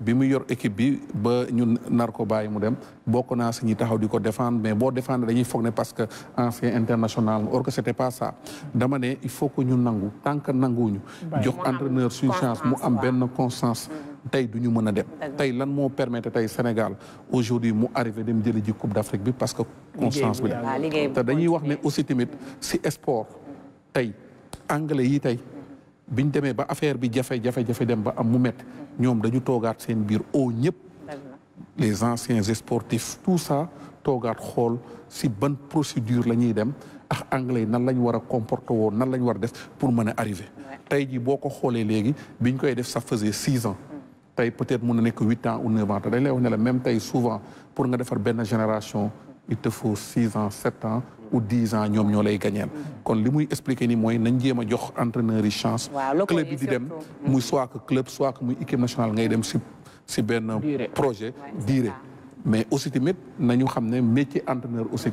nous équipe bi ba mu défendre mais défendre dañuy parce que ancien international or que n'était pas ça il faut que ñu nangu tant que nous jox entraîneur suñu chance mu am benn constance mm-hmm. tey du ñu dem lan permettre Sénégal aujourd'hui mu arrivé dem jëli ji Coupe d'Afrique parce que constance bi la conscience. dañuy wax aussi si sport anglais biñ démé ba affaire bi jafé jafé jafé dem ba am mu met ñom dañu toogaat seen biir oo ñëpp les anciens sportifs tout ça toogaat xol si ban procédure lañuy ñuy dem ak anglais nan lañ wara a comporter woo nan lañ war def pour mën arriver tay ji boko xolé légui biñ koy def ça faisait 6 ans tay peut-être mëna nek 8 ans ou 9 ans te dañ lay wax né la même tay souvent pour nga défar ben génération il te faut 6 ans, 7 ans ou 10 ans ñom ñolay gagnel kon limuy expliquer ni moy nañ jema jox entraîneur yi chance club di dem club, mm. soit que club soit que équipe nationale ngay dem projet direct mais aussi timit nañu xamné métier entraîneur aussi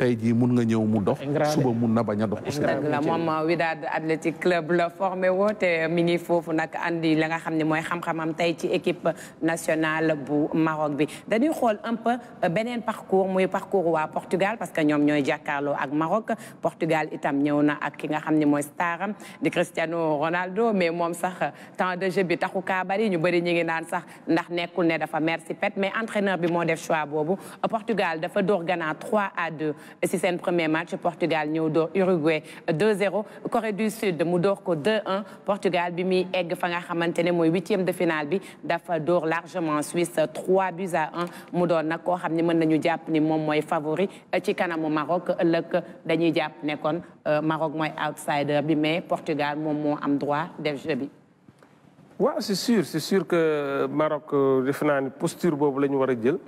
tey mën nga ñëw mu dox. suba mun na bañ dox. la mama Wydad Athletic Club la formé woo te mi ngi fofu nak andi la nga xamni moy xam-xamam tay ci équipe nationale bu Maroc bi dañuy xol un peu euh, benen parcours moy parcours wa Portugal parce que ñom ñoy jàkkaarloo ak Maroc Portugal itam ñëw na ak ki nga xamni moy mooy staram di Cristiano Ronaldo mais mom sax euh, temps de jeu bi taxu kaa bari ñu bari ñi ngi naan sax ndax nekkul ne dafa merci pet mais entraîneur bi mo def choix bobu Portugal dafa door 3 à 2 si c'est un premier match Portugal Uruguay 2-0 Corée du Sud mu 2-1 Portugal bi mi egg fa nga xamantene moy de finale bi dafa door largement Suisse 3 buts à 1 mu n'a nag koo nous avons nañu japp ni mom moy favori ci kanamu Maroc ëllëg dañuy japp ne kon euh, Maroc moy outsider bi mais Portugal mom mo am droit def jeu oui, c'est sûr C'est sûr que Maroc je euh, naa posture boobu la ñu mhm.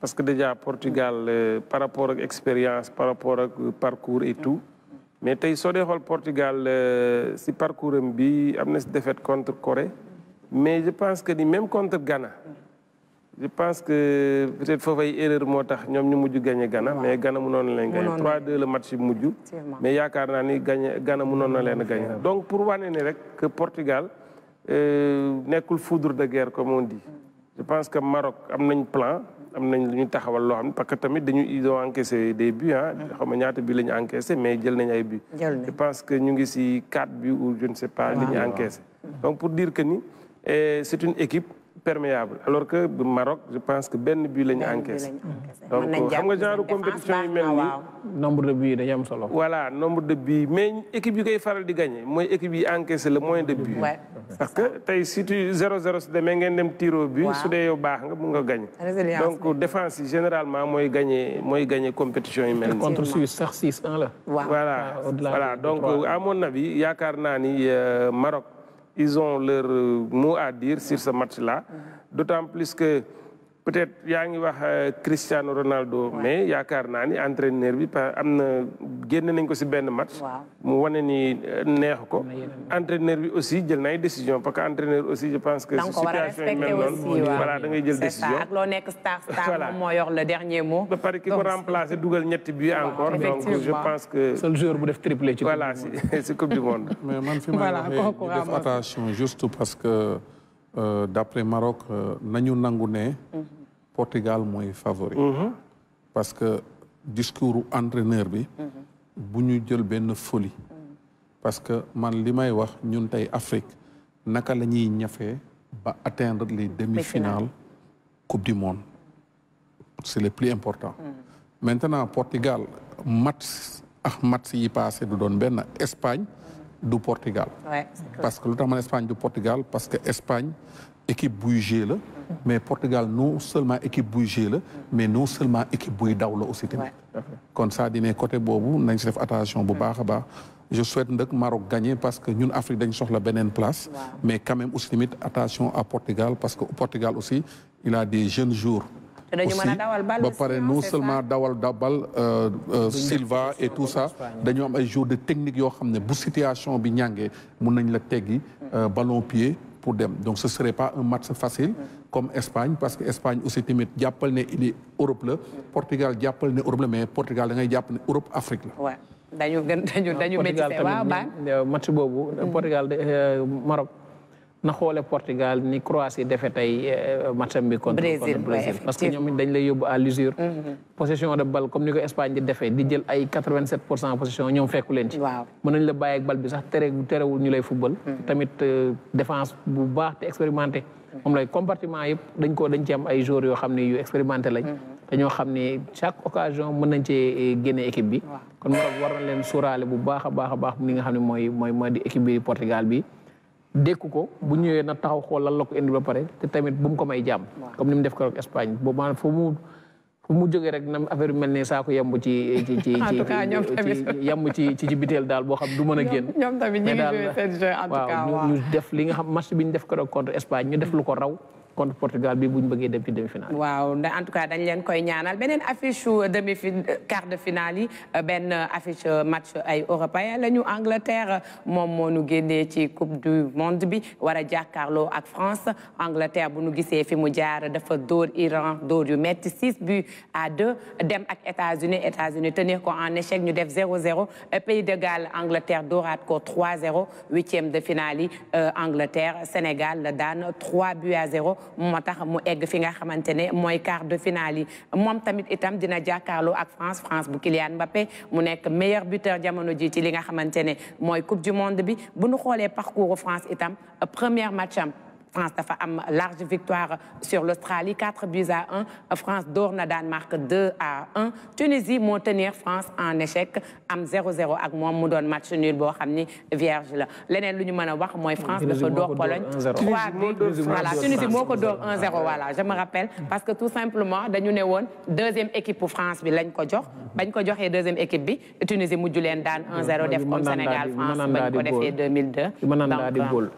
parce que déjà Portugal euh, par rapport à l'expérience, par rapport au parcours et tout. Mhm. mais tey soo dee xool Portugal euh, si parcours est bi am na défaite contre Corée. mais je pense que même contre Ghana. je pense que peut-être faut ay erreur motax ñom ñu muju gagner Ghana. mais Ghana munoon na leen gagné. 3-2 le match bi mujj. mais a naa ni gagner Ghana na leen a gagné. donc pour wane ni rek que Portugal. Euh, nekul foudre de guerre comme on dit je pense que Maroc a un plan am nañ taxawal xam parce que tamit dañu ils ont encaissé des buts hein mm. xam nga ñaata bi la ñu encaissé mais jël nañ ay buts je pense que ñu ngi ci 4 buts ou je ne sais pas li ñu encaissé donc pour dire que ni eh, c'est une équipe perméable alors que bu Maroc je pense que Ben but la ñu encaissé. donc xam nga genre compétition yi mel nombre de buts yi am solo. voilà nombre de buts mais équipe qui koy faral di gagner, mooy équipe yi encaissé le moins de buts. parce que si tu 0-0 si demee ngeen dem tiro but. waaw su dee yow baax nga nga gagné. donc défense généralement mooy gagne mooy gagné compétition yi mel contre Suisse 6-1 là. voilà ah, voilà donc à mon avis yaakaar naa ni euh, Maroc ils ont leur euh, mot à dire sur ce match-là. Mm-hmm. D'autant plus que peut-être yaa ngi wax euh, Cristiano Ronaldo. mais yaakaar naa ni entraîneur bi pa am na génn nañ ko si benn match. mu wane ni euh, neex ko. entraîneur bi aussi jël na ay décision par que entraîneur aussi je pense que. situation yi mel noonu ngay jël décision. loo nekk star star moom moo yor ba pare ki ko remplacer dugal ñetti bi encore. donc je pense que. seul joueur bu def triplé ci. voilà si si coupe du monde. mais man fi may waxee def attention juste parce que. Euh, d'après Maroc euh, nañu avons Portugal Portugal est favori mhm. parce que le discours entre bi mhm. folie mhm. parce que man li may wax ñun tay Afrique naka la ñafé ba atteindre les demi-finales coupe du monde c'est le plus important maintenant Portugal match ak match yi passé du doon ben Espagne du Portugal. parce que l'Espagne, tax Espagne du Portugal parce que Espagne équipe bougée là, mais Portugal non seulement équipe bougée mais non seulement équipe bougeait. aussi Comme ça d'un côté boobu nañ attention je souhaite que Maroc gagner parce que nous, en Afrique sommes la bonne place. mais quand même aussi limite attention à Portugal parce que Portugal aussi il a des jeunes joueurs dañu hein, non seulement euh, euh, Silva et tout ça dañu am de technique yo xamné bu situation bi la euh, ballon pied pour dem donc ce serait pas un match facile comme Espagne parce que Espagne aussi il est Europe Portugal Europe mais Portugal Europe Afrique la dañu dañu match Portugal Maroc na xoole Portugal ni Croatie defe tey euh, matcham bi contre Brésil parce que ñoom dañ lay yóbbu à l'usure mm-hmm. possession de balle comme ni ko Espagne di defee di jël ay quatre-vingt-sept pour cent possession ñoom fekku leen ci mën nañ la bàyyi ak bal bi sax tere terewul ñu lay football mm-hmm. tamit euh, défense bu baax te expérimenté moom lay compartiment yëpp dañ ko dañ ci am ay joueurs yoo xam ne yu expérimenté lañ te mm-hmm. ñoo xam ne chaque occasion mën nañ cee euh, génne équipe bi kon Maroc war na leen suuraale bu baax a baax a baax li nga xam ne mooy mooy mooy di équipe bi bi dékku ko bu ñëwee na taxaw xool lan la ko indi ba pare te tamit bu mu ko may jàmm comme ni mu def ko rek Espagne bu ma fu mu fu mu jógee rek nam affaire mel ni saako yemb ci ci ci ci yemb ci ci ci biteel daal boo xam du mën a génn. ñoom tamit ñu ngi jouer seen jeu en tout cas waaw ñu def li nga xam match bi ñu def ko rek contre Espagne ñu def lu ko raw. contre Portugal bi bu bëggé demi-finale. waaw en tout cas dañ leen koy ñaanal benen affiche demi demi quart de finale yi ben affiche match ay européen lañu Angleterre mom mo nu ci coupe du monde bi wara a ak France Angleterre bu nu gisee fi mu jaar dafa Iran dóor yu metti 6 buts à 2 dem ak États-Unis États-Unis tenir ko en échec ñu def 0-0 Pays de Galles Angleterre dóoraat ko 3-0 huitième de finale yi euh, Angleterre Sénégal la Dan 3 buts à 0 moo tax mu egg fi nga xamantene moy quart de finale mom tamit itam dina jàkkaarloo ak France France bu Kylian Mbappé mu nek meilleur buteur jamono ji ci li nga xamantene moy coupe du monde bi bu nu xoolee parcours France itam premier match am France a fait une large victoire sur l'Australie 4 buts à 1 France door Danemark 2 à 1 Tunisie Montenegro, France en échec am 0-0 Avec moi, mu un match nul pour vierge la leneen lu ñu wax France dafa Pologne 3 buts Tunisie Moko 1-0 voilà je me rappelle parce que tout simplement dañu ne deuxième équipe pour France bi lañ ko jox deuxième équipe Tunisie nous avons 1-0 def comme Sénégal France bañ ko 2002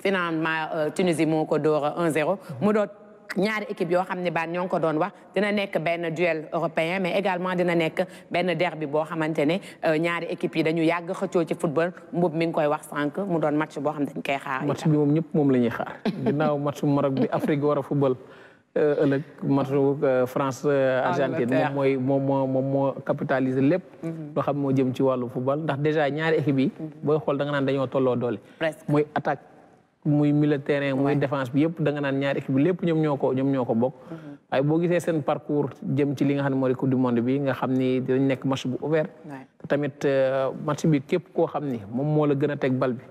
finalement euh, Tunisie moo ko door 1-0 mu doon ñaari équipe yoo xam ne baan ñoo ngi ko doon wax dina nekk benn duel européen mais également dina nekk benn derby boo xamante ne euh, ñaari équipe yi dañu yàgg xëccoo ci football mbub mi ngi koy wax sànq mu doon match boo xam ne dañ koy xaar. match bi moom ñëpp moom la ñuy xaar. ginnaaw match Maroc bi Afrique war a football euh, ëllëg match France Argentine mooy moom moo moom moo capitaliser lépp. Mm-hmm. loo xam moo jëm ci wàllu football ndax déjà ñaari équipe yi. Mm-hmm. booy xool danga nga naan dañoo tolloo doole. mooy attaque. muy milieu terrain muy défense bi yépp da nga naan ñaari équipe lépp ñom ñoko ñom ñoko bok waaye boo gisee sen parcours jëm ci li nga xam ne moo di coupe du monde bi nga xam ni dinañ nekk match bu ouvert. tamit match bi képp koo xam ni moom moo la gën a teg bal bi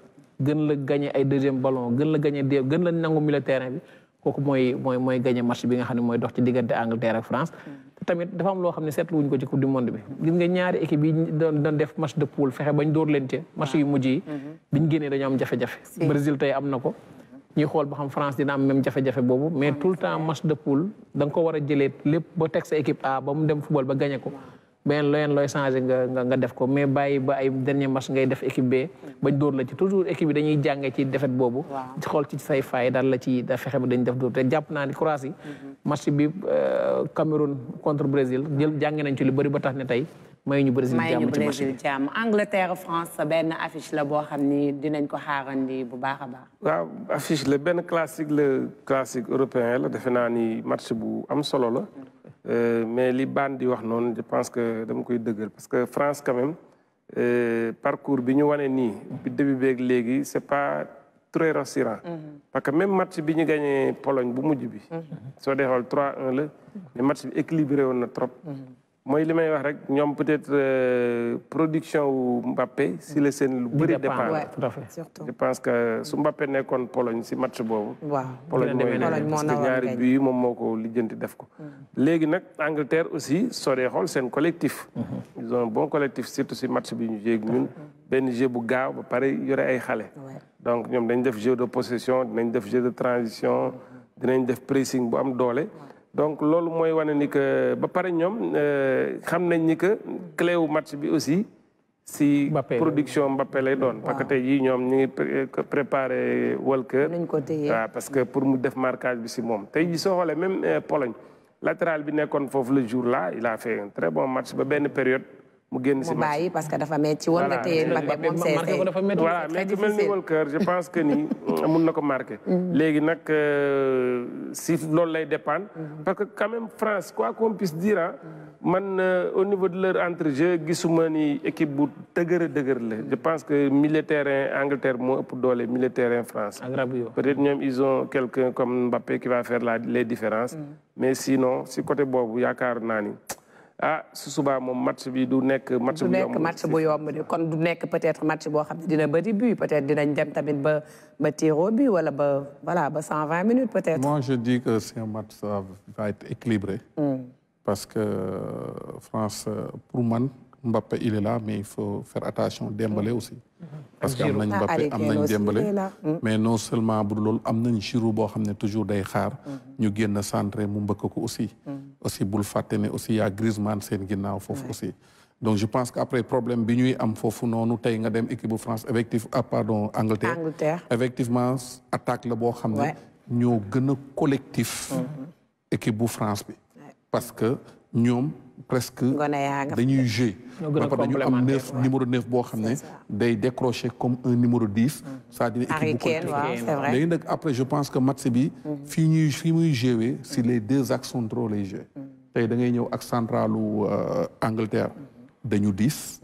gën la gagné ay deuxième ballon gën la gagné dee gën la nangu milieu terrain bi. kooku mooy mooy mooy gagné match bi nga xam ne mooy dox ci diggante Angleterre ak France mm. te tamit dafa am loo xam ne seetlu wuñ ko ci coupe du monde bi gis nga ñaari équipe yi doon doon def match de poule fexe bañ dóor leen ci match yu mujj yi mm-hmm. Mm-hmm. biñ génnee dañoo am jafe-jafe Brésil tey am na ko mm-hmm. ñuy xool ba xam France dina am même jafe-jafe boobu mais tout le temps match de poule da ko war a jëlee lépp ba teg sa équipe A ba mu dem football ba gagné ko beneen leneen looy changé nga nga def ko mais bàyyi ba ay dernier match ngay def équipe B bañ dóor la ci toujours équipe bi dañuy jàngee ci défaite boobu xool ci say faay daal la ci da fexe dañ def dóor jàpp naa ni Croatie mhm. match bi euh, Cameroun contre Brésil jël jàngee nañ ci lu bëri ba tax ne tey may ñu Brésil jàmm ci match bi jàmm Angleterre France benn affiche la boo xam ni dinañ ko xaarandi bu baax a baax waaw affiche la benn classique la classique européen la defe naa ni match bu am solo la mhm. Euh, mais li baan di wax noonu je pense que dama koy dëggal parce que France quand même euh, parcours bi ñu wane nii bi début beeg léegi c'est pas très rassurant mm-hmm. parce que même match bi ñu gagné Pologne bu mujj bi mm-hmm. soo dee xool 3-1 la mm-hmm. mais match bi équilibré woon na trop moy limay wax rek ñom peut-être euh, production wu Mbappé si le seen lu bari dépend je pense que su Mbappé nekkoon Pologne si match bobu Pologne mooy parce que ñaari but yi moom moo ko lijjanti def ko hmm. légui nak Angleterre aussi soo dee xool seen collectif hmm. ils ont un bon collectif surtout si match bi ñu jéeg ñun hmm. benn jeu bu gaaw ba paré yoré ay xalé donc ñom dañ def jeu de possession dañ def jeu de transition dañ def pressing bu am doolé donc loolu moy wane ni que ba pare ñoom euh, xam nañ ni que clé wu match bi aussi si production Mbappé lay doon parce que tay jii ñom ñi euh, préparé Walker parce que pour mu def marquage bi si mom tay ji soxolé même euh, Pologne latéral bi nekkoon fofu le jour là il a fait un très bon match ba ben période mu match parce que dafa metti mettre nga téye Mbappé moom seesee voilà mais ku mel ni Walker je pense que ni mun na ko marqué. Mm. léegi nag euh, si lay dépendre. Mm. parce que quand même France quoi qu'on puisse dire hein, man euh, au niveau de leur entre-jeu gisuma ni équipe bu dëgër a je pense que militaire, Anglais Angleterre moo ëpp doole en France. peut-être ñoom ils ont quelqu'un comme Mbappé qui va faire la les différences. Mm. mais sinon si côté boobu yaakaar Nani ah su subaa mom match bi du nek match bu yomb du nekk match bu yomb ni kon du nek peut-être match bo xamni ne dina bëri but peut-être dinañ dem tamit ba ba tir au but wala ba voilà ba 120 minutes peut-être. moi je dis que c'est un match ça va être équilibré. Mm. parce que euh, France euh, pour man. Mbappé il est là mais il faut faire attention Dembélé aussi parce que y a ah, Mbappé y Dembélé mm. mais non seulement bu loolu am nañ Giroud toujours day xaar mm-hmm. ñu génn centré mu Nous aussi mm. aussi bul fàtte aussi. aussi y a Griezmann seen ginnaaw foofu aussi donc je pense qu'après le problème bini ñuy am foofu noonu tey nga dem équipe de France effectif ah pardon Angleterre effectivement attaque le boo xam ne ñoo collectif mm-hmm. équipe de France parce que sommes presque dañuy jouer ba pare dañu am neuf numéro neuf boo xam ne day décroché comme un numéro 10. c'est-à-dire mm. équipe léegi nag après je pense que match bi mm. fii ñuy fii muy jouer si mm. les deux axes trop lay jouer tey da ngay ñëw ak centralu euh, Angleterre dañu dix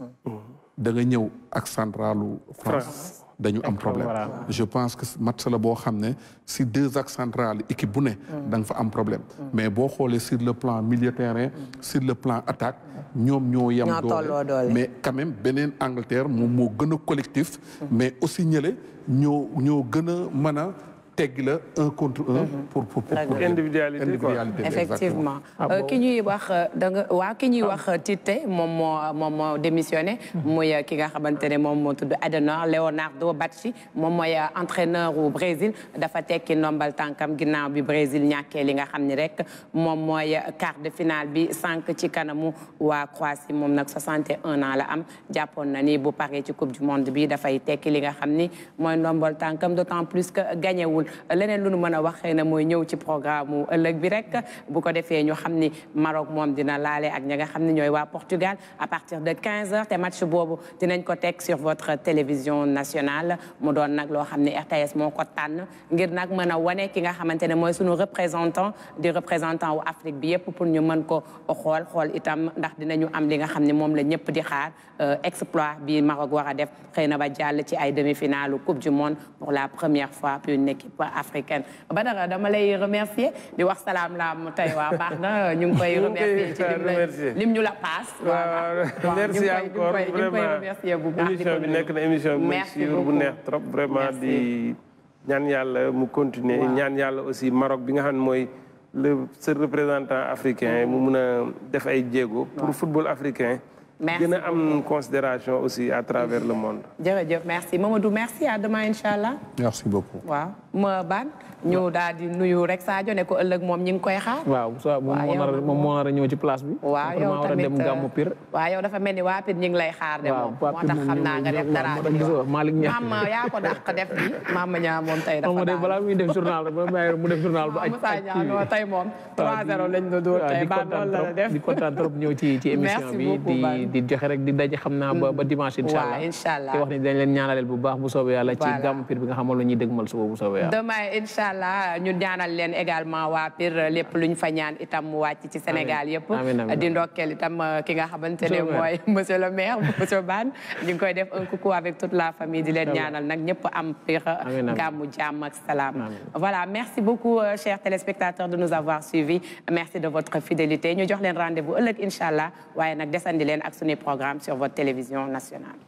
da nga ñëw ak centralu France dañu am problème je pense que match la bo xamné si deux axes centrales équipe bu ne mm. da un fa am problème mm. mais bo xolé sur le plan milieu terrain mm. sur le plan attaque ñom ñoo yam doole mais quand même Benin Angleterre moom mo gën collectif mais aussi nous ñoo ñoo gëna mëna teg un contre un. Mhm. pour pour pour individualité effectivement ah euh, ki ñuy wax euh, da nga wa ki ñuy ah. wax euh, Tite mom mo moom démissionné. moy mhm. ki nga xamante mom mo moo tudd Leonardo batshi mom moy entraîneur au Brésil dafa tekki nombal tankam ginnaw bi Brésil ñaké li nga xamni ni rek mom moy quart de finale bi sànq ci kanamu wa Croatie mom nak 61 ans la am japon na ni bu paré ci coupe du monde bi fay tekki li nga xamni moy nombal tankam d'autant plus que gagner leneen lu nu mën a wax xëy na mooy ñëw ci programme mu ëllëg bi rek bu ko defee ñu xam ni Maroc moom dina laale ak ña nga xam ne ñooy waa Portugal à partir de 15 heures te match boobu dinañ ko teg sur votre télévision nationale mu doon nag loo xam ne RTS moo ko tànn ngir nag mën a wane ki nga xamante ne mooy suñu représentant di représentant wu Afrique bi yëpp pour ñu mën ko xool xool itam ndax dinañu am li nga xam ne moom la ñëpp di xaar euh, exploit bi Maroc war a def xëy na ba jàll ci ay demi-finale Coupe du Monde pour la première fois pour une équipe africaine Badara dama lay remercier di wax salaam laam tey waa baax na ñu ngi koy remercier ci ñu la passe. waaw merci encore vraiment émission bi nekk na émission bi merci bu neex trop vraiment di ñaan yàlla mu continuer ñaan yàlla aussi Maroc bi nga xam ne le seul représentant africain mu mun a def ay jéego pour football africain merci gën a am considération aussi à travers le monde. jërëjëf merci Mamadou merci à demain Inch'Allah. merci beaucoup waaw. ma baan ñu daal di nuyu rek Sadio ne ko ëllëg moom ñi ngi koy xaar. waaw so moom moo nar a ci place bi. waaw yow tamit euh, waa Pire ñi lay xaar. de moom moo tax mu def journal bu. Moussa Niang tey moom la dóor tey baax loolu la def di kontaan trop ñëw ci ci émission bi di di joxe rek bu soobee yàlla ci gàmmu Pire bi nga xamal lu ñuy dëgmal suba bu soobee demain Inch'Allah, nous ñu ñaanal leen également wa Pire lepp luñ fa ñaan itam mu ci Sénégal yëpp di ndokkel itam euh, ki nga xamantene monsieur le maire monsieur Ban, ñu koy def avec toute la famille di leen ñaanal am voilà merci beaucoup euh, chers téléspectateurs de nous avoir suivis merci de votre fidélité ñu jox leen rendez-vous allah nak leen ak programme sur votre télévision nationale